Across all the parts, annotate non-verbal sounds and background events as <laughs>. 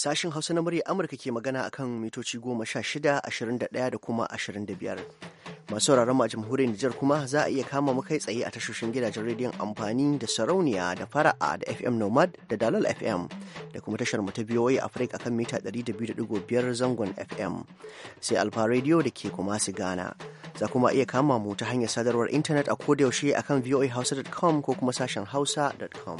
sashen Hausa na murya Amurka ke magana akan mitoci goma sha shida, ashirin da ɗaya da kuma ashirin da biyar. Masu sauraron ma a jamhuriyar Nijar kuma za a iya kama mu kai tsaye a tashoshin gidajen rediyon amfani da sarauniya da fara'a da FM Nomad da Dalal FM da kuma tashar mu ta a afirka akan mita da da biyu biyar zangon FM. Sai Alfa Radio da ke kuma su gana Za kuma iya kama mu ta hanyar sadarwar intanet a kodayaushe akan voahausa.com ko kuma sashen hausa.com.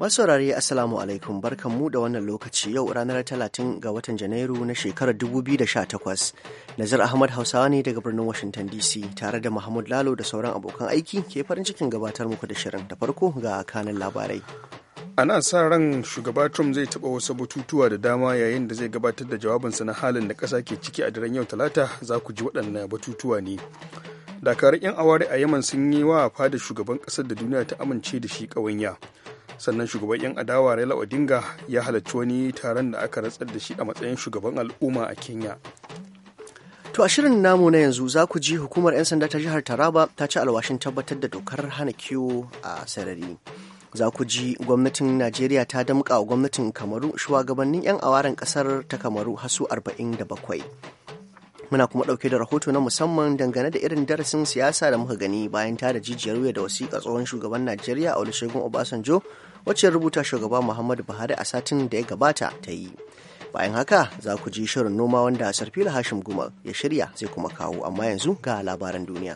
Masu saurare Assalamu alaikum barkan mu da wannan lokaci yau ranar talatin ga watan Janairu na shekarar 2018. nazar Ahmad Hausawa ne daga birnin Washington DC tare da Mahmud Lalo da sauran abokan aiki ke farin cikin gabatar muku da shirin da farko ga kanin labarai. Ana sa ran shugaba Trump zai taba wasu batutuwa da dama yayin da zai gabatar da jawabinsa na halin da kasa ke ciki a daren yau talata za ku ji waɗannan batutuwa ne. Dakarun 'yan aware a Yaman sun yi wa fada shugaban ƙasar da duniya ta amince da shi ƙawanya. sannan shugaban 'yan adawa raila odinga ya halarci wani taron da aka ratsar da shi a matsayin shugaban al'umma a kenya To a shirin namu na yanzu za ku ji hukumar 'yan sanda ta jihar Taraba ta ci alwashin tabbatar da dokar hana kiwo a sarari. Za ku ji gwamnatin Najeriya ta damƙa wa gwamnatin Kamaru shugabannin 'yan awaren ƙasar ta Kamaru hasu 47. muna kuma ɗauke da rahoto na musamman dangane da irin darasin siyasa da muka gani bayan tara jijiyar wuya da wasiƙa tsohon shugaban najeriya olusegun obasanjo wacce rubuta shugaba muhammadu buhari a satin da ya gabata ta yi bayan haka za ku ji shirin noma wanda sarfila hashim guma ya shirya zai kuma kawo amma yanzu ga labaran duniya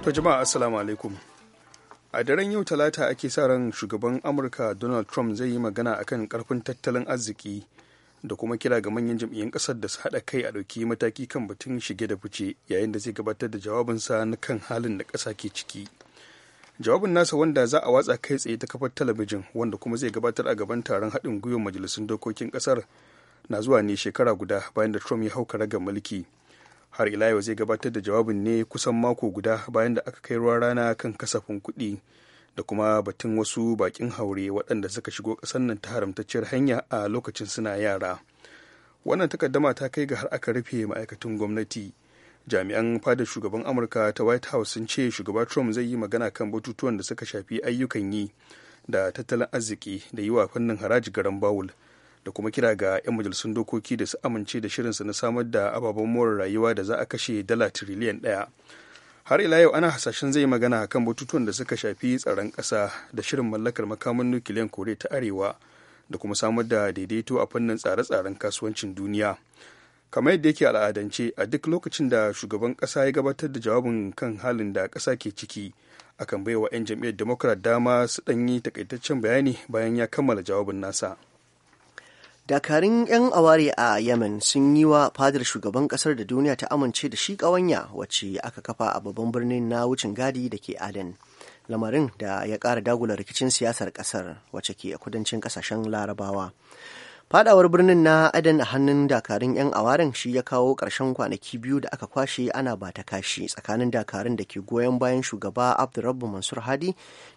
to jama'a assalamu alaikum a daren yau talata ake sa ran shugaban amurka donald trump zai yi magana akan karfin tattalin arziki da kuma kira ga manyan jam'iyyun kasar da su haɗa kai a ɗauki mataki kan batun shige da fice yayin da zai gabatar da jawabinsa na kan halin da ƙasa ke ciki jawabin nasa wanda za a watsa kai tsaye ta kafar talabijin wanda kuma zai gabatar a gaban taron haɗin gwiwar majalisun dokokin ƙasar na zuwa ne shekara guda bayan da trump ya hauka raga mulki har ila yau zai gabatar da jawabin ne kusan mako guda bayan da aka kai ruwan rana kan kasafin kuɗi da kuma batun wasu bakin haure waɗanda suka shigo ƙasar nan ta haramtacciyar hanya a lokacin suna yara wannan takaddama ta kai ga har aka rufe ma'aikatan gwamnati jami'an fadar shugaban amurka ta white house sun ce shugaba trump zai yi magana kan batutuwan da suka shafi ayyukan yi da tattalin arziki da yi wa fannin haraji garan bawul da kuma kira ga 'yan majalisun dokoki da su amince da shirinsa na samar da ababen more rayuwa da za a kashe dala tiriliyan ɗaya har ila yau ana hasashen zai magana kan batutuwan da suka shafi tsaron kasa da shirin mallakar makamin nukiliyan kore ta arewa da kuma samar da daidaito a fannin tsare-tsaren kasuwancin duniya kamar yadda yake al'adance a duk lokacin da shugaban kasa ya gabatar da jawabin kan halin da ƙasa ke ciki akan baiwa 'yan jam'iyyar democrat dama su ɗanyi takaitaccen bayani bayan ya kammala jawabin nasa dakarun 'yan aware a yemen sun yi wa fadar shugaban kasar da duniya ta amince da shi ƙawanya wacce aka kafa a babban birnin na wucin gadi da ke aden lamarin da ya ƙara dagula rikicin siyasar ƙasar wacce ke kudancin ƙasashen larabawa fadawar birnin na adan a hannun dakarun 'yan awaren shi ya kawo ƙarshen kwanaki biyu da aka kwashe ana ba ta kashi tsakanin dakarun da ke goyon bayan shugaba abdurrabbu mansur hadi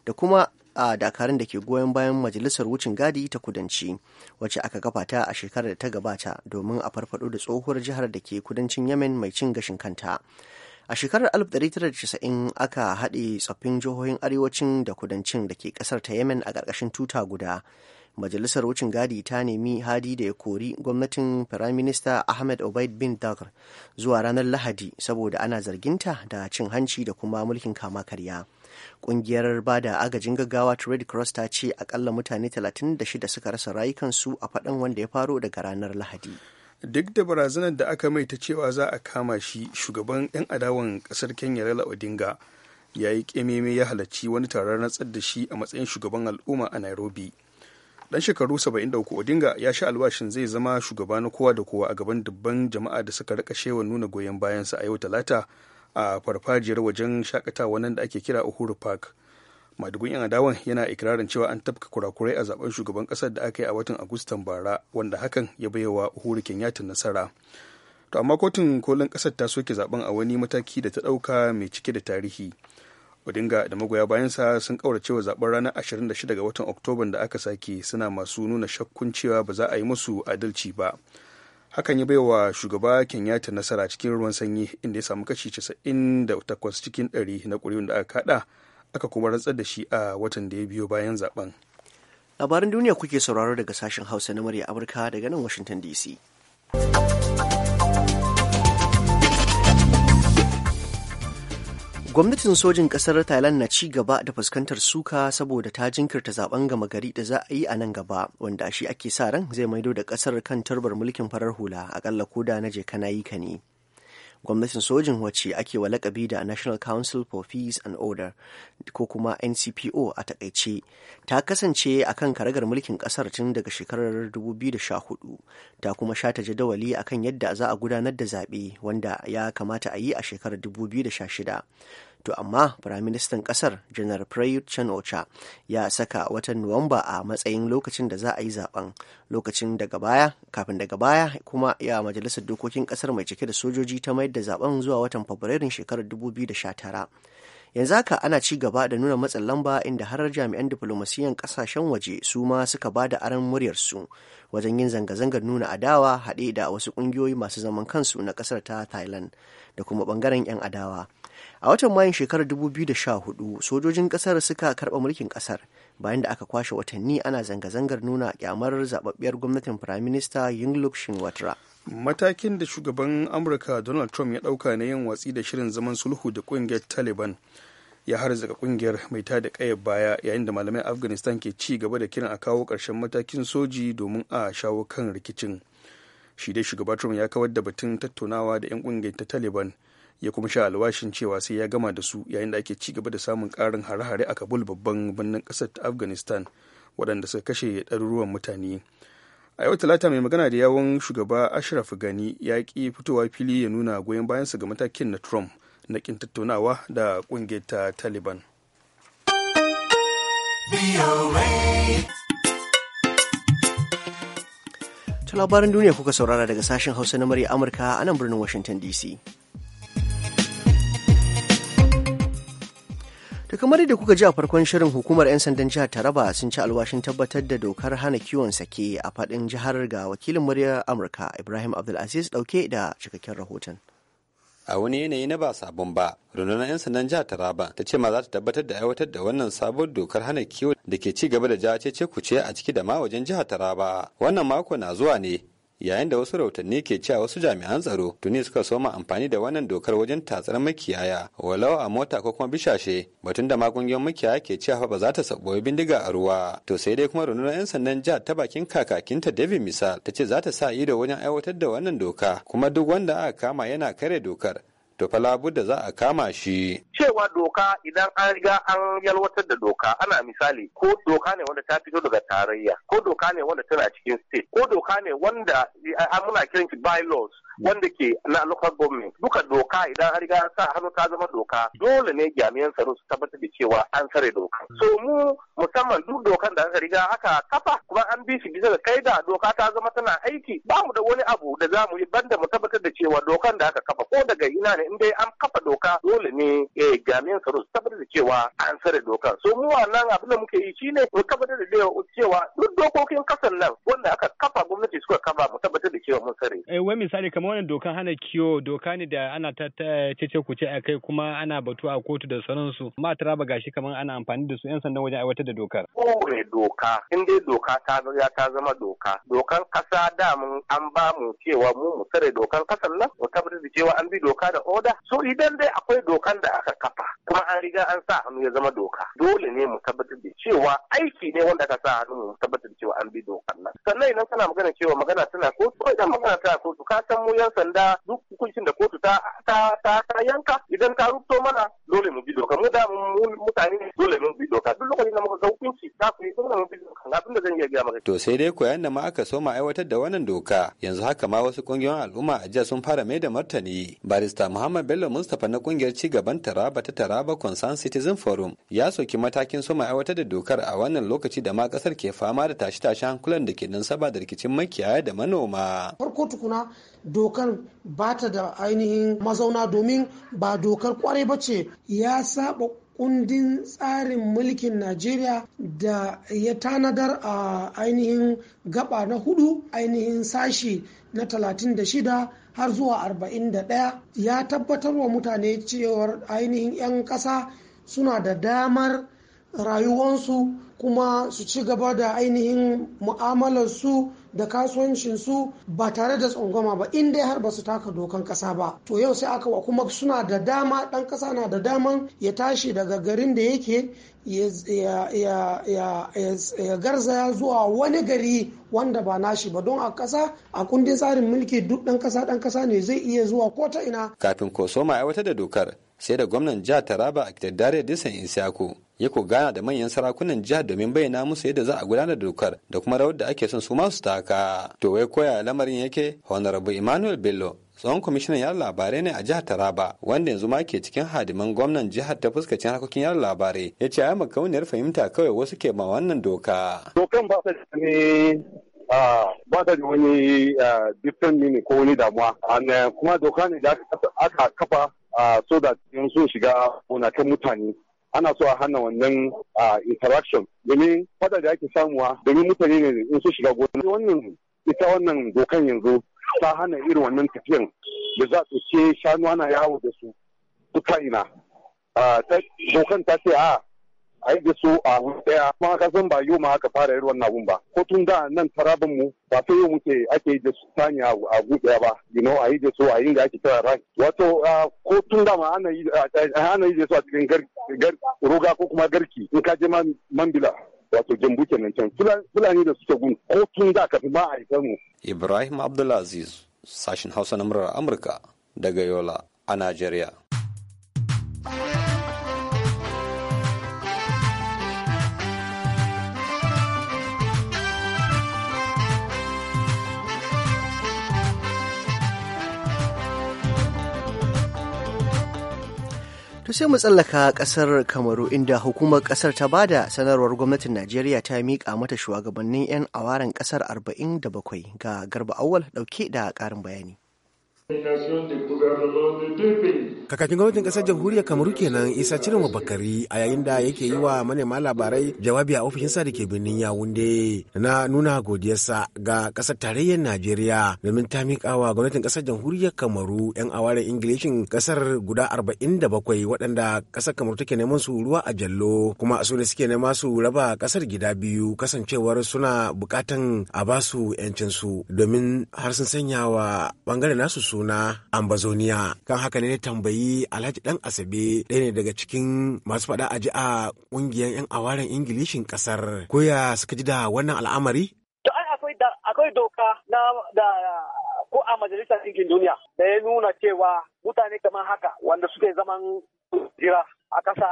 da kuma a dakarun da ke goyon bayan majalisar wucin gadi ta kudanci wacce aka kafa ta a shekarar da ta gabata domin a farfado da tsohuwar jihar da ke kudancin yemen mai cin gashin kanta a shekarar 1990 aka haɗe tsoffin jihohin arewacin da kudancin da ke ƙasar ta yemen a ƙarƙashin tuta guda majalisar wucin gadi ta nemi hadi da ya kori gwamnatin firaminista ahmed obaid bin dagar zuwa ranar lahadi saboda ana zarginta da cin hanci da kuma mulkin kama karya Ƙungiyar bada agajin gaggawa ta Red Cross ta ce akalla mutane 36 suka rasa rayukansu a faɗan wanda ya faro daga ranar Lahadi. Duk da barazanar da aka mai ta cewa za a kama shi shugaban 'yan adawan kasar Kenya Raila Odinga ya yi ƙememe ya halarci wani taron rantsar da shi a matsayin shugaban al'umma a Nairobi. dan shekaru 73 odinga ya sha albashin zai zama shugaba na kowa da kowa a gaban dubban jama'a da suka rika shewa nuna goyon bayansa a yau talata a farfajiyar wajen shakatawa nan da ake kira uhuru park madugun yan adawan yana ikirarin cewa an tafka kurakurai a zaben shugaban kasar da aka yi a watan agustan bara wanda hakan ya baiwa uhuru kenyatta nasara to amma kotun kolin kasar ta soke zaben a wani mataki da ta dauka mai cike da tarihi odinga da magoya sa sun kauracewa zaben ranar 26 ga watan Oktoba da aka sake suna masu nuna shakkun cewa ba za a yi musu adalci ba hakan ya baiwa shugaba kenyatta nasara cikin ruwan sanyi inda ya samu kashi 98 cikin 100 na ƙuri'un da aka kada aka kuma rantsar da shi a watan da ya biyo bayan zaben labaran duniya kuke sauraro daga sashen hausa na murya amurka daga nan washington dc Gwamnatin sojin kasar Thailand na ci gaba da fuskantar suka saboda ta jinkirta zaben gama gari da za a yi a nan gaba wanda shi ake sa ran zai maido da ƙasar kan turbar mulkin farar hula akalla koda na je kana yi ka ne. gwamnatin sojin wacce ake wa lakabi da national council for peace and order ko kuma ncpo a takaice ta kasance a kan karagar mulkin kasar tun daga shekarar 2014 ta kuma shata jadawali akan yadda za a gudanar da zaɓe wanda ya kamata a yi a shekarar 2016 to amma firaministan ƙasar janar prayut chan ya saka watan nuwamba a matsayin lokacin da za a yi zaben lokacin daga baya kafin daga baya kuma ya majalisar dokokin ƙasar mai cike da sojoji ta mayar da zaben zuwa watan fabrairun shekarar 2019 yanzu haka ana ci gaba da nuna matsin lamba inda har jami'an diflomasiyan kasashen waje su ma suka ba da aron muryarsu wajen yin zanga-zangar nuna adawa haɗe da wasu ƙungiyoyi masu zaman kansu na ƙasar ta thailand da kuma ɓangaren 'yan adawa a watan mayun shekarar 2014 sojojin kasar suka karba mulkin kasar bayan da aka kwashe watanni ana zanga-zangar nuna kyamar zababbiyar gwamnatin firaminista yingluck shinwatra matakin da shugaban amurka donald trump ya dauka na yin watsi da shirin zaman sulhu da kungiyar taliban ya harzaka ƙungiyar mai da kayar baya yayin da malamai afghanistan ke ci gaba da kiran a kawo karshen matakin soji domin a shawo kan rikicin shi dai shugaba trump ya kawar da batun tattaunawa da 'yan ƙungiyar ta taliban ya kuma sha alwashin cewa sai ya gama da su yayin da ake ci gaba da samun karin hare-hare a kabul babban birnin kasar ta afghanistan waɗanda suka kashe ɗaruruwan mutane a yau talata mai magana da yawon shugaba ashraf gani ya ƙi fitowa fili ya nuna goyon bayan bayansa ga matakin na trump na ƙin tattaunawa da ƙungiyar ta taliban ta labaran duniya kuka saurara daga sashen hausa na murya amurka a nan birnin washington dc To kamar da kuka ji a farkon shirin hukumar 'yan sandan jihar Taraba sun ci alwashin tabbatar da dokar hana kiwon sake a faɗin jihar ga wakilin murya Amurka Ibrahim Abdulaziz dauke da cikakken rahoton. a wani yanayi na ba sabon ba rundunar 'yan sandan jihar taraba ta ce ma za ta tabbatar da aiwatar da wannan sabon dokar hana kiwon da ke ci gaba da jace ce kuce a ciki da ma wajen jihar taraba wannan mako na zuwa ne yayin da wasu rahotanni ke cewa wasu jami'an tsaro tuni suka soma amfani da wannan dokar wajen tatsar makiyaya walau a mota ko kuma bishashe batun da magungiyan makiyaya ke cewa fa ba za ta saboyi bindiga a ruwa to sai dai kuma rundunar 'yan sandan jihar ta bakin kakakinta david misal ta ce za ta sa ido wajen aiwatar da wannan doka kuma duk wanda aka kama yana kare dokar to fa da za a kama shi. Cewa doka idan an riga an yalwatar da doka ana misali ko doka ne wanda ta fito daga tarayya ko doka ne wanda tana cikin state ko doka ne wanda muna kiran shi bylaws wanda ke na local government duka doka idan an riga an sa hannu ta zama doka dole ne jami'an tsaro su tabbatar da cewa an sare doka. So mu musamman duk dokan da aka riga aka kafa kuma an bisa bisa da kaida doka ta zama tana aiki ba mu da wani abu da za mu yi banda mu tabbatar da cewa dokan da aka kafa ko daga ina ne in dai an kafa doka dole ne eh jami'an su tabbatar da cewa an sare dokan so mu wannan abin da muke yi shine mu tabbatar da cewa duk dokokin kasan nan wanda aka kafa gwamnati suka kafa mu tabbatar da cewa mun sare eh wai misali kamar wannan dokan hana kiyo doka ne da ana ta cece ce a kai kuma ana batu a kotu da sauransu ma taraba gashi kamar ana amfani da su yan sandan wajen aiwatar da dokar kore doka in dai doka ta ya ta zama doka dokan kasa da mun an ba mu cewa mu mu tsare dokan kasan nan mu tabbatar cewa an bi doka da oda so idan dai akwai dokan da aka kafa kuma an riga an sa hannu ya zama doka dole ne mu tabbatar da cewa aiki ne wanda ka sa hannu mu tabbatar da cewa an bi dokan nan sannan idan kana magana cewa magana tana kotu ko idan magana tana kotu ka san mu yan sanda duk hukuncin da kotu ta ta ta yanka idan ka rubuto mana dole mu bi doka mu da mutane dole mu bi doka duk lokacin da muka ga hukunci ta ku dole mu bi doka abin da zan iya gaya maka to sai dai koyan da ma aka soma aiwatar da wannan doka yanzu haka ma wasu kungiyoyin al'umma a jiya sun fara mai da martani barista Muhammad Bello Mustapha na kungiyar ci gaban Taraba ta Taraba Concern Citizen Forum ya soki matakin soma aiwatar da dokar a wannan lokaci da ma kasar ke fama da tashi-tashi hankulan da ke nan saba da rikicin makiyaya da manoma farko tukuna dokar ba da ainihin mazauna domin ba dokar kwarai ba ya saba kundin tsarin mulkin najeriya da ya tanadar a ainihin gaba na hudu ainihin sashi na 36 har zuwa 41 ya tabbatar wa mutane cewar ainihin 'yan ƙasa suna da damar rayuwansu kuma su ci gaba da ainihin mu'amalarsu da kasuwancin su ba tare da tsangwama ba in dai har ba su taka dokan kasa ba to yau sai aka wa kuma suna da dama dan kasa na da daman ya tashi daga garin da yake ya garzaya zuwa wani gari wanda ba nashi ba don a kasa a kundin tsarin mulki duk dan kasa dan kasa ne zai iya zuwa ko ta ina kafin kosoma aiwatar da dokar sai da gwamnan jihar taraba a dare disan isyaku ya ko gana da manyan sarakunan jihar domin bayyana musu yadda za a gudanar da dokar da kuma rawar da ake son su masu taka to wai koya lamarin yake honorable emmanuel bello tsohon kwamishinan yara labarai ne a jihar taraba wanda yanzu ma ke cikin hadiman gwamnan jihar ta fuskacin harkokin yara labarai ya ce ai makauniyar fahimta kawai wasu ke ma wannan doka dokan ba ta ne ba da wani different mini ko wani damuwa eh, kuma doka ne da aka kafa so da yanzu shiga gonakin mutane ana so a hana wannan interaction domin fadar da ake samuwa domin mutane ne in su shiga gona wannan ita wannan dokan yanzu ta hana irin wannan tafiyan da za su ce shanu ana yawo da su duka ina dokan ta ce a a yi da so a wuri daya kuma haka san ba yau ma aka fara yin wannan abun ba ko tun da nan tarabin mu ba sai yau muke ake yi da su sani a gu daya ba you know a yi da so a yi da ake kira rai wato ko tun da ma ana yi da su a cikin roga ko kuma garki in ka je man bila? wato jambu kenan can fulani da suke gun ko tun da kafin ma a mu. ibrahim abdulaziz sashin hausa na murar amurka daga yola a najeriya. To sai mu tsallaka kasar Kamaru inda hukumar kasar ta bada sanarwar gwamnatin Najeriya ta miƙa mata shugabannin 'yan awaren kasar 47 ga Garba Awal dauke da ƙarin bayani. Kakakin gwamnatin kasar jamhuriyar Kamaru kenan Isa Cirinwa Bakari a yayin da yake yi wa manema labarai jawabi a ofishinsa da ke birnin Yawunde na nuna godiyarsa ga kasar tarayyar Najeriya domin ta miƙa wa gwamnatin kasar jamhuriyar Kamaru 'yan awaren Ingilishin kasar guda 47 waɗanda kasar Kamaru take neman su ruwa a jallo kuma su ne suke nema su raba kasar gida biyu kasancewar suna buƙatan a basu su domin har sun sanya wa ɓangaren nasu suna ambazonia kan haka ne tambayi alhaji dan asabe ɗaya ne daga cikin masu faɗa a ji a ƙungiyar 'yan awaren ingilishin ƙasar ko suka ji da wannan al'amari akwai doka na da ko a majalisar ɗinkin duniya da ya nuna cewa mutane kamar haka wanda suke zaman jira a ƙasa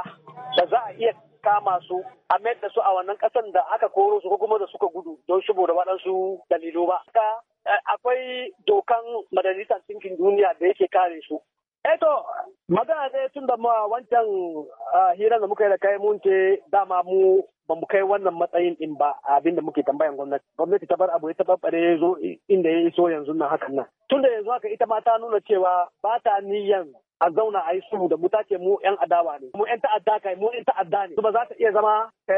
da za a iya kama su a mayar da su a wannan kasan da aka koro su ko kuma da suka gudu don saboda waɗansu dalilu ba. Eh, akwai dokan Majalisar tinkin Duniya da yake kare su. Eto, eh magana dai tun da ma wancan eh, hira da muka yi da kai mun ce dama mu ba mu kai wannan matsayin din ba abin da muke tambayan gwamnati. Gwamnati ta bar abu ya tabarbare ya zo inda ya iso yanzu nan hakan nan. Tun da yanzu haka ita ma ta nuna cewa ba ta niyan a zauna a yi sulhu da mu ta ce mu yan adawa ne mu yan ta'adda kai mu yan ta'adda ne ba za ta iya zama ta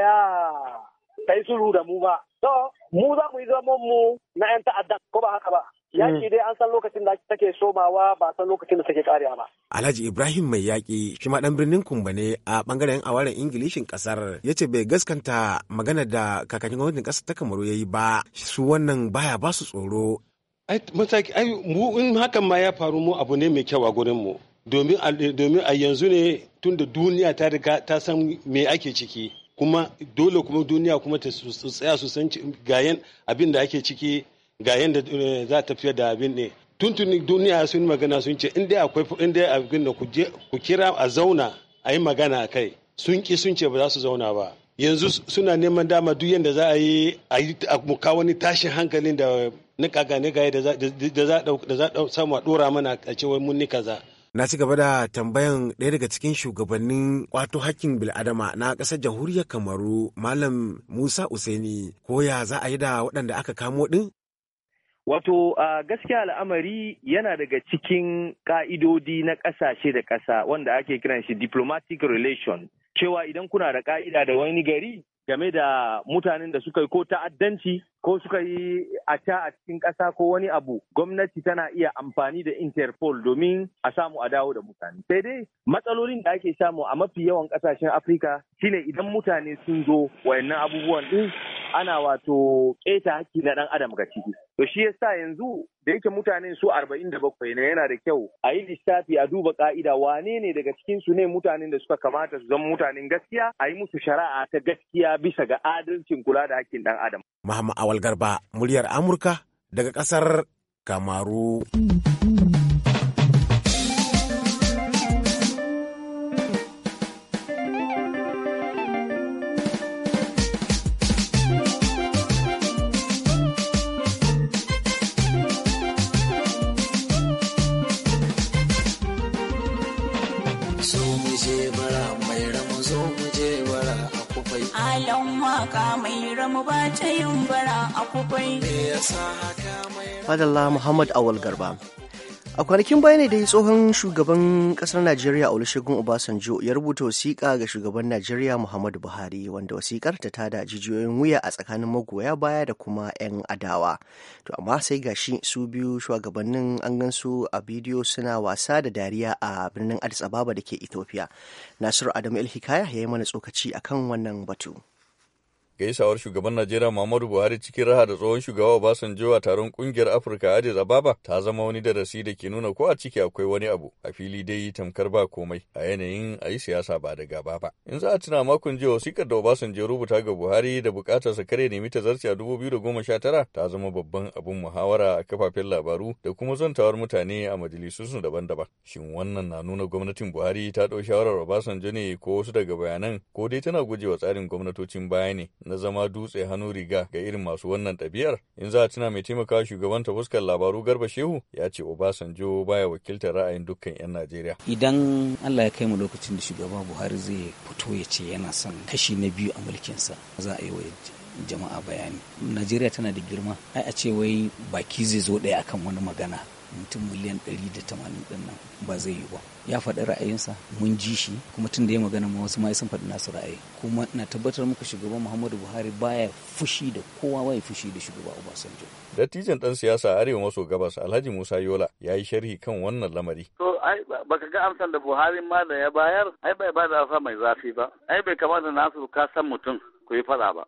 ta yi sulhu da mu ba to mu za mu yi zama mu na yan ta'adda ko ba haka ba hmm. Yaƙi dai an san lokacin da take somawa ba san lokacin da take kariya ba. Alhaji Ibrahim mai yaƙi shi ma ɗan birnin Kumba ne a bangaren awaren Ingilishin kasar yace bai gaskanta magana da kakakin gwamnatin kasar ta Kamaru yayi ba su wannan baya ba su tsoro. Ai, mataki, ai, mu in hakan ma ya faru mu abu ne mai kyau a gurin mu. domin a yanzu ne tun da duniya ta riga ta san me ake ciki kuma dole kuma duniya kuma ta tsaya su san gayen abin da ake ciki gayen da eh, za ta fiye da abin ne tuntuni duniya sun magana sun ce inda akwai in dai abin da ku kira a zauna a yi magana a kai sun ki sun ce ba za su zauna ba yanzu suna neman dama duk yadda za a yi a muka wani tashin hankalin da na kaga ne da za a samu a dora mana a cewa mun ni kaza na ci gaba da tambayan ɗaya daga cikin shugabannin kwato hakkin bil'adama na ƙasar jamhuriyar kamaru malam musa usaini ko ya za a yi da waɗanda aka kamo ɗin Wato a gaskiya al'amari yana daga cikin ƙa'idodi na ƙasashe da ƙasa wanda ake kiran shi diplomatic relation cewa idan kuna da ƙa'ida da wani gari game da mutanen da suka yi ko ta'addanci ko suka yi a ca a cikin ƙasa ko wani abu gwamnati tana iya amfani da interpol domin a samu a dawo da mutane sai dai matsalolin da ake samu a mafi yawan ƙasashen afirka shine idan mutane sun zo wayannan abubuwan din ana wato keta hakki na ɗan adam ga ciki. To shi yasa yanzu da yake mutane su arba'in da bakwai ne yana da kyau a yi lissafi a duba ka'ida wane ne daga cikin su ne mutanen da suka kamata su zama mutanen gaskiya a yi musu shari'a ta gaskiya bisa ga adalcin kula da haƙƙin ɗan adam. Awal Garba, muryar Amurka daga ƙasar Kamaru. Fadalla Muhammad Awal Garba. A kwanakin baya ne dai tsohon shugaban ƙasar Najeriya Olusegun Obasanjo ya rubuta wasiƙa ga shugaban Najeriya Muhammadu Buhari wanda wasiƙar ta tada jijiyoyin wuya a tsakanin magoya baya da kuma 'yan adawa. To amma sai gashi su biyu shugabannin an gansu a bidiyo suna wasa da dariya a birnin Addis Ababa da ke Ethiopia. Nasiru Adamu El Hikaya ya yi mana tsokaci akan wannan batu. gaisawar shugaban Najeriya Muhammadu Buhari cikin raha da tsohon shugaba Obasanjo a taron kungiyar Afirka Addis Ababa ta zama wani darasi da ke nuna ko a ciki akwai wani abu a fili dai tamkar ba komai a yanayin a yi siyasa ba da gaba ba. In za a tuna makon jiya wasikar da Obasanjo rubuta ga Buhari da bukatar sa kare nemi tazarci a tara ta zama babban abun muhawara a kafafen labaru da kuma zantawar mutane a majalisunsu daban-daban. Shin wannan na nuna gwamnatin Buhari ta ɗau shawarar Obasanjo ne ko wasu daga bayanan ko dai tana gujewa tsarin gwamnatocin baya ne na zama dutse hannu riga ga irin masu wannan ɗabi'ar in za a tuna mai taimaka shugaban ta fuskar labaru garba shehu ya ce obasanjo baya wakiltar ra'ayin dukkan 'yan najeriya idan allah ya kai mu lokacin da shugaba buhari zai fito ya ce yana son kashi na biyu a mulkinsa za a yi wa jama'a bayani najeriya tana da girma ai a ce wai baki zai zo ɗaya akan wani magana mutum miliyan 180 din nan ba zai yi ba ya faɗi ra'ayinsa mun ji shi kuma tun da ya magana ma wasu ma sun faɗi nasu ra'ayi kuma na tabbatar muku shugaban Muhammadu Buhari baya fushi da kowa bai fushi da shugaba Obasanjo dattijan dan siyasa arewa maso gabas Alhaji Musa Yola ya yi sharhi kan wannan lamari to ai baka ga amsan da Buhari ma da ya bayar ai bai bada amsa mai zafi ba ai bai kamata nasu ka san mutum ku yi faɗa ba.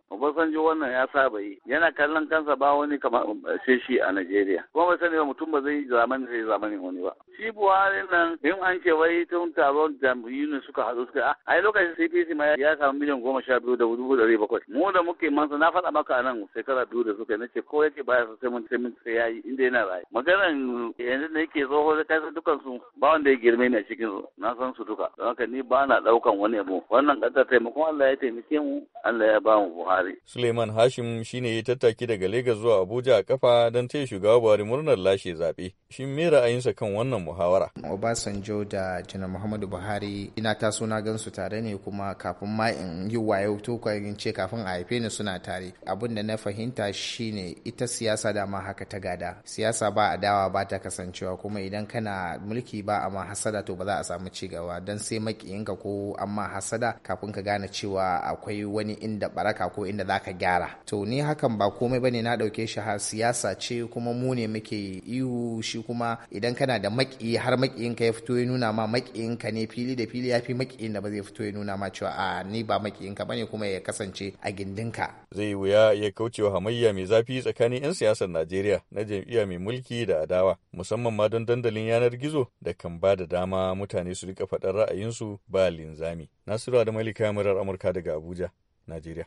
ji wannan ya saba yi yana kallon kansa ba wani kamar um, shi a Najeriya. Kuma ba sani ba mutum ba zai zamani zai zamani wani ba. Shi Buhari nan in an ce wai tun taron jam'iyyu ne suka haɗu suka a yi lokacin CPC ma ya samu miliyan goma sha biyu da dubu ɗari bakwai. Mu da muke mansa na faɗa maka a nan shekara biyu da suka na ce ko yake baya sai mun sai mun sai ya yi inda yana raye. Maganan yanzu da yake tsoho da kai dukan su ba wanda ya girme ni a cikin su na san su duka. Don haka ni ba na ɗaukan wani abu. Wannan ƙasa taimakon Allah ya taimake mu Allah Allah ya ba mu Buhari. Suleiman Hashim shine ya tattaki daga lagos zuwa Abuja a kafa don taya shugaba Buhari murnar lashe zaɓe. Shin me ra'ayinsa kan wannan muhawara? Obasanjo da Janar Muhammadu Buhari ina taso na gansu tare ne kuma kafin ma in yi wayo to ce kafin a haife ni suna tare. Abin da na fahimta shine ita siyasa da ma haka ta gada. Siyasa ba adawa ba ta kasancewa kuma idan kana mulki ba a ma hasada to ba za a samu cigaba don sai makiyinka ko amma hasada kafin ka gane cewa akwai wani in inda baraka ko inda za ka gyara to ni hakan ba komai bane na dauke shi har siyasa ce kuma mu ne muke ihu shi kuma idan kana da maki har makiyin ka ya fito ya nuna ma makiyin ka ne fili da fili ya fi makiyin da ba zai fito ya nuna ma cewa a ni ba makiyin ka bane kuma ya kasance a gindin ka zai wuya ya kaucewa hamayya mai zafi tsakanin 'yan siyasar Najeriya na jam'iyya mai mulki da adawa musamman ma don dandalin yanar gizo da kan ba da dama mutane su rika faɗar ra'ayinsu ba linzami. Nasiru da Malika murar Amurka daga Abuja. najeriya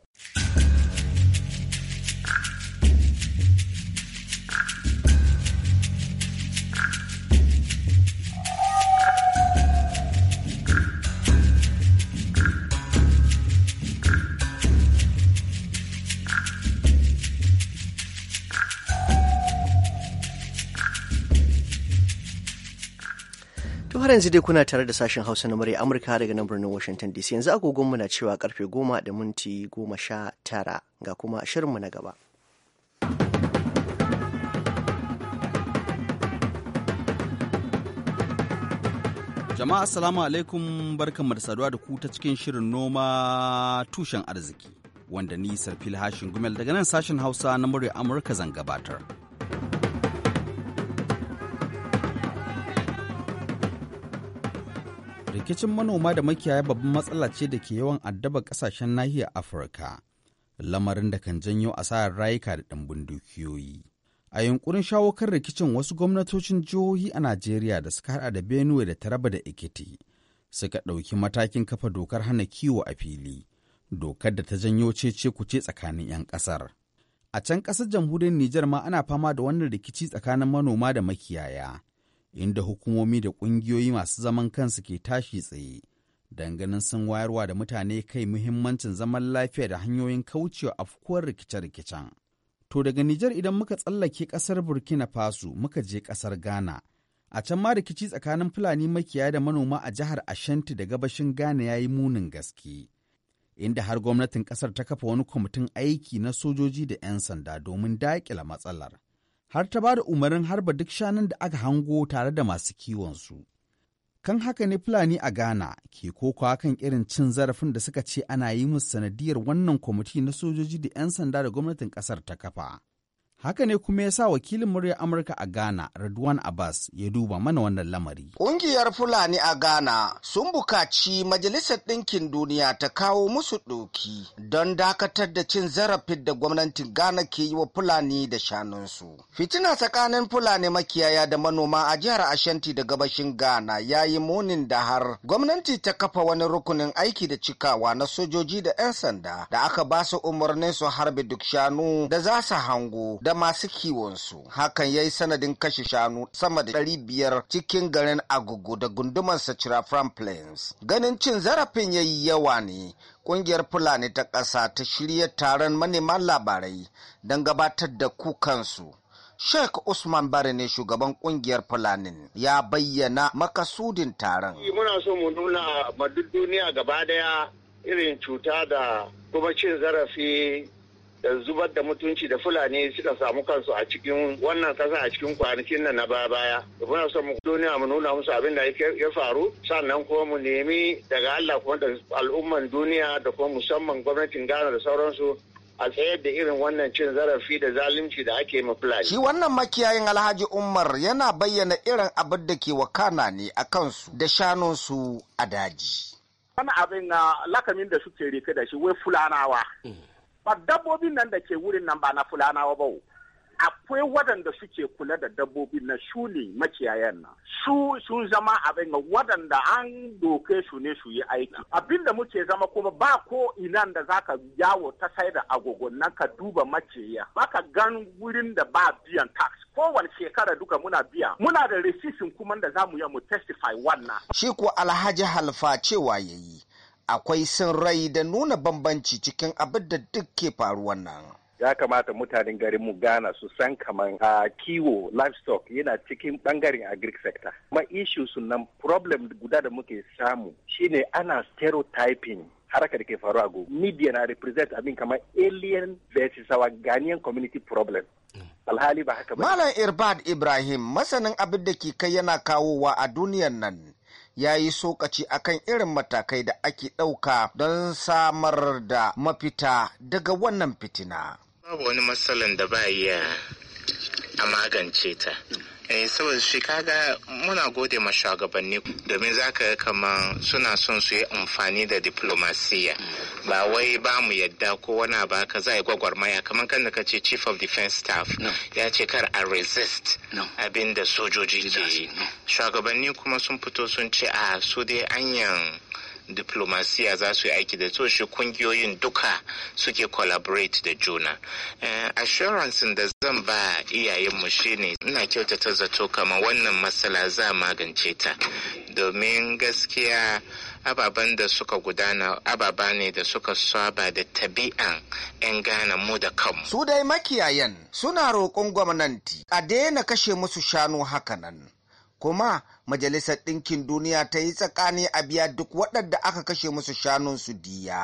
har yanzu dai kuna tare da sashen Hausa na murya Amurka daga nan birnin Washington DC yanzu agogonmu na cewa karfe goma da minti goma sha tara ga kuma shirinmu na gaba. Jama'a assalamu alaikum barkanmu da saduwa da ku ta cikin shirin noma tushen arziki wanda ni Sarfil Hashin Gumel daga nan sashen Hausa na murya Amurka zan gabatar. rikicin manoma da makiyaya babban matsala ce da ke yawan addaba kasashen nahiyar afirka lamarin da kan janyo asarar rayuka da ɗimbin dukiyoyi a yunkurin shawo kan rikicin wasu gwamnatocin jihohi a najeriya da suka hada da benue da taraba da ekiti suka ɗauki matakin kafa dokar hana kiwo a fili dokar da ta janyo cece kuce tsakanin 'yan ƙasar a can ƙasar jamhuriyar nijar ma ana fama da wannan rikici tsakanin manoma da makiyaya inda hukumomi da ƙungiyoyi masu zaman kansu ke tashi tsaye danganin sun wayarwa da mutane kai muhimmancin zaman lafiya da hanyoyin kaucewa afkuwar rikice-rikicen. To daga Nijar idan muka tsallake ƙasar Burkina Faso muka je ƙasar Ghana. A can ma rikici tsakanin Fulani makiya da manoma a jihar Ashanti da gabashin Ghana ya yi munin gaske. Inda har gwamnatin ƙasar ta kafa wani kwamitin aiki na sojoji da 'yan sanda domin daƙila matsalar. har ta ba da umarnin harba duk shanun da aka hango tare da masu kiwonsu. Kan haka ne Fulani a Ghana ke kokawa kan irin cin zarafin da suka ce ana yi musu sanadiyar wannan kwamiti na sojoji da 'yan sanda da gwamnatin ƙasar ta kafa. Haka ne kuma ya sa wakilin murya Amurka a Ghana, Radwan Abbas, ya duba mana wannan lamari. Ƙungiyar Fulani a Ghana sun bukaci Majalisar Ɗinkin Duniya ta kawo musu ɗoki don dakatar da cin zarafin da gwamnatin Ghana ke yi wa Fulani da shanunsu. Fitina tsakanin Fulani makiyaya da manoma a jihar Ashanti da gabashin Ghana ya yi munin da har gwamnati ta kafa wani rukunin aiki da cikawa na sojoji da 'yan sanda da aka ba su umarnin su harbe duk shanu da za su hango da masu kiwonsu. Hakan ya yi sanadin kashe shanu sama da ɗari biyar cikin garin Agugu da gundumar Sachirafran Plains. Ganin cin zarafin ya yi yawa ne, ƙungiyar Fulani ta ƙasa ta shirya taron manema labarai don gabatar da kukansu. Sheikh Usman Bari ne shugaban kungiyar Fulanin ya bayyana makasudin taron. Muna so mu nuna ma duk duniya gaba daya irin cuta da kuma cin zarafi zubar da mutunci da fulani suka samu kansu a cikin wannan kasa a cikin kwanakin nan na baya baya muna son mu duniya mu nuna musu abin da ya faru sannan kuma mu nemi daga Allah kuma da al'umman duniya da kuma musamman gwamnatin Ghana da sauransu a tsayar da irin wannan cin zarafi da zalunci da ake ma Fulani. Shi wannan makiyayin Alhaji Umar yana bayyana irin abin da ke wakana ne a kansu da shanunsu a daji. Wani abin na lakamin da suke rike da shi wai Fulanawa. Mm. ba dabbobin nan da ke wurin nan ba na fulanawa ba akwai waɗanda suke kula da dabbobi na su ne makiyayan nan su sun zama abin waɗanda an doke su ne su yi aiki abin da muke zama kuma ba ko inan da zaka yawo ta sai da agogon nan ka duba makiya baka gan wurin da ba biyan tax kowane shekara duka muna biya muna da resisin kuma da zamu yi mu testify wannan shi ko alhaji halfa cewa yayi akwai sin rai da nuna bambanci cikin abin da duk ke faruwan nan. ya kamata mutanen garin mu Ghana su san kaman a kiwo livestock yana cikin bangaren agric sector. Kuma issues nan problem guda da muke samu shine ana stereotyping harkar da ke faruwa go media na represent abin kamar alien versus our Ghanaian community problem. Alhali ba haka ba. Malam Irbad Ibrahim masanin abin da ke kai yana kawowa a duniyar nan ya yi sokaci akan irin matakai da ake ɗauka don samar da mafita daga wannan fitina. Babu wani matsalan da ba iya a magance ta. Eh, saboda shi kaga muna gode ma shugabanni domin za ka kama suna son su yi amfani da diplomasiya ba wai ba mu yadda ko wani ba ka za a yi gwagwarmaya kamar kan da ka ce chief of defense staff ya ce kar a resist abin da sojoji ke yi shugabanni kuma sun fito sun ce a ah, su dai anyan diplomasiya za su yi aiki da to shi kungiyoyin duka suke collaborate da juna eh, assurance da zan ba iyayenmu shine ina kyautata zato kama wannan matsala za magance ta domin gaskiya ababen da suka gudana ababa ne da suka saba da tabi'an 'yan gana mu da kanmu. Su dai makiyayan suna roƙon gwamnati a daina kashe musu shanu hakanan, kuma Majalisar Ɗinkin Duniya ta yi tsakani a biya duk waɗanda aka kashe musu shanunsu diya.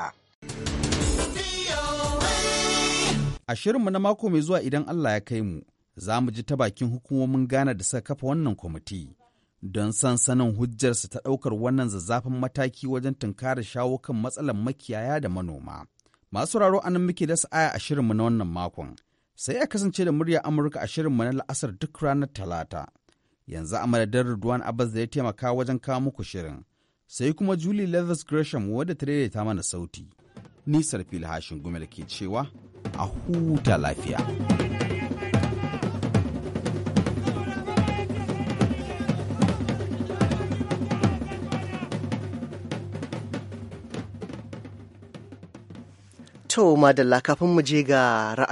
A shirinmu na mako mai zuwa idan Allah ya kai mu, za mu ji ta bakin hukumomin gane da suka kafa wannan kwamiti don sansanin hujjarsu ta ɗaukar wannan zazzafin mataki wajen tunkara shawo kan matsalar makiyaya da manoma. Masu raro anan muke dasa aya a shirinmu na wannan makon, sai a kasance da murya Amurka a shirinmu na la'asar duk ranar Talata. yanzu a madadin Ridwan Abbas da ya taimaka wajen kawo muku shirin. Sai kuma Julie Leathers Gresham wadda ta daidaita mana sauti. Nisar fil hashin gumel ke cewa a huta lafiya. To madalla kafin mu je ga uh,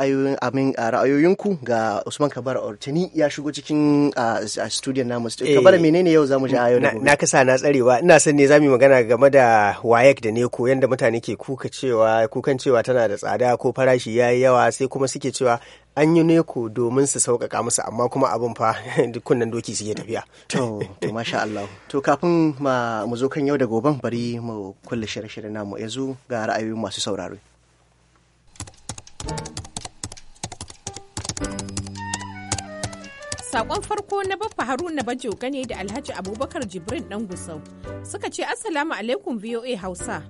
ra'ayoyinku ga Usman Kabar Ortini ya shigo cikin uh, studio namu. Eh, Kabar menene yau zamu ji ayo Na kasa na tsarewa ina son ne yi magana game da wayek da ne ko yanda mutane ke kuka cewa kukan cewa tana da tsada ko farashi yayi yawa sai kuma suke cewa an yi neko domin su sauƙaƙa musu amma kuma abin fa <laughs> kunnen doki suke tafiya. To, to masha Allah. To kafin mu zo kan yau da goben bari mu kulle shirye-shirye namu yanzu ga ra'ayoyin masu sauraro. Sakon farko na Baffa Haruna Bajoga gane da Alhaji Abubakar Jibrin dan Gusau suka ce Assalamu alaikum VOA Hausa.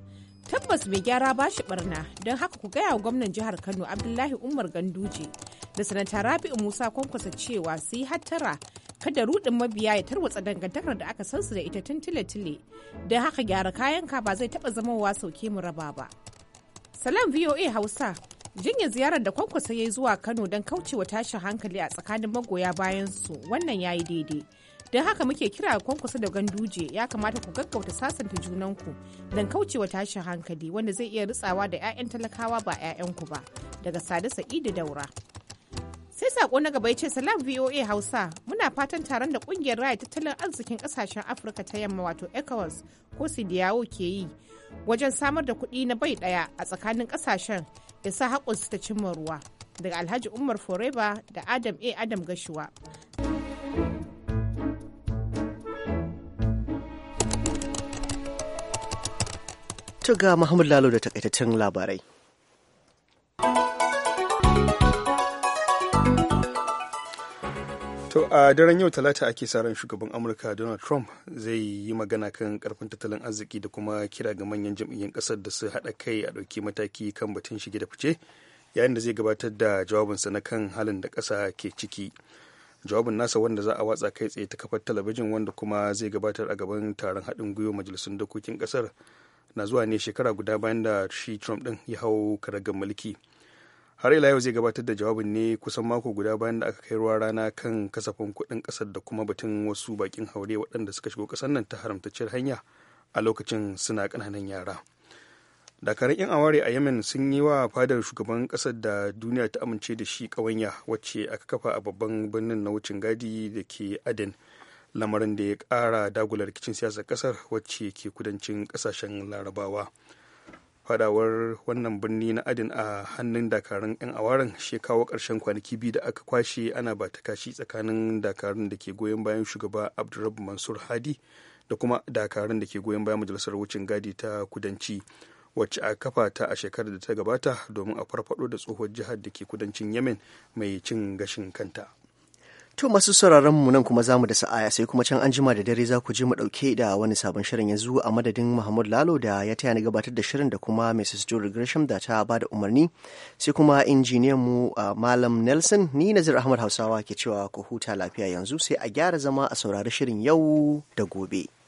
Tabbas mai gyara ba shi barna don haka ku gaya wa gwamnan jihar Kano Abdullahi Umar Ganduje da sanata Rabi'u Musa Kwankwasa cewa su yi hattara kada rudin mabiya ya tarwatsa dangantakar da aka san su da ita tun tile-tile don haka gyara kayan ka ba zai taba zamowa sauke mu raba ba. Salam VOA Hausa jinya ziyarar da kwankwasa ya yi zuwa kano don kaucewa tashin hankali a tsakanin magoya bayan su wannan ya yi daidai don haka muke kira kwankwasa da ganduje ya kamata ku gaggauta sasanta junanku don kaucewa tashin hankali wanda zai iya ritsawa da 'ya'yan talakawa ba 'ya'yanku ba daga sade sa'idu daura sai sako na gaba ya ce salam voa hausa muna fatan taron da kungiyar raya tattalin arzikin kasashen afirka ta yamma wato ecowas ko sidiyawo ke yi wajen samar da kuɗi na bai ɗaya a tsakanin ƙasashen haƙon haƙunsu ta cimma ruwa daga alhaji umar foreba da adam a adam gashuwa to ga Muhammad Lalo da takaitaccen labarai. To a daren yau talata ake sa ran shugaban Amurka Donald Trump zai yi magana kan karfin tattalin arziki da kuma kira ga manyan jam'iyyun kasar da su haɗa kai a ɗauki mataki kan batun shige da fice yayin da zai gabatar da jawabinsa na kan halin da ƙasa ke ciki. Jawabin nasa wanda za a watsa kai tsaye ta kafar talabijin wanda kuma zai gabatar a gaban taron haɗin gwiwa majalisun dokokin ƙasar na zuwa ne shekara guda bayan da shi Trump ɗin ya hau karagar mulki. mulki. har ila yau zai gabatar da jawabin ne kusan mako guda bayan da aka kai ruwa rana kan kasafin kuɗin kasar da kuma batun wasu bakin haure waɗanda suka shigo ƙasar nan ta haramtacciyar hanya a lokacin suna kananan yara dakarun yan aware a yemen sun yi wa fadar shugaban ƙasar da duniya ta amince da shi kawanya wacce aka kafa a babban birnin na wucin gadi da ke aden lamarin da ya ƙara dagula rikicin siyasar ƙasar wacce ke kudancin ƙasashen larabawa fadawar wannan birni na adin a hannun dakarun 'yan awaran shi karshen kwanaki biyu da aka kwashe ana ba ta kashi tsakanin dakarun da ke goyon bayan shugaba abdurrabu mansur hadi da kuma dakarun da ke goyon bayan majalisar wucin gadi ta kudanci wacce a kafa ta a shekarar da ta gabata domin a farfado da tsohuwar jihar da ke kudancin yemen mai cin gashin kanta To masu sauraron mu nan kuma za mu da sa'aya sai kuma can anjima jima da dare za ku je mu ɗauke da wani sabon shirin yanzu a madadin Muhammad Lalo da ya taya ni gabatar da shirin da kuma Mrs. Jory Gresham da ta bada umarni sai kuma injiniyan mu Malam Nelson ni Nazir Ahmad Hausawa ke cewa ku huta lafiya yanzu sai a gyara zama a saurari shirin yau da gobe.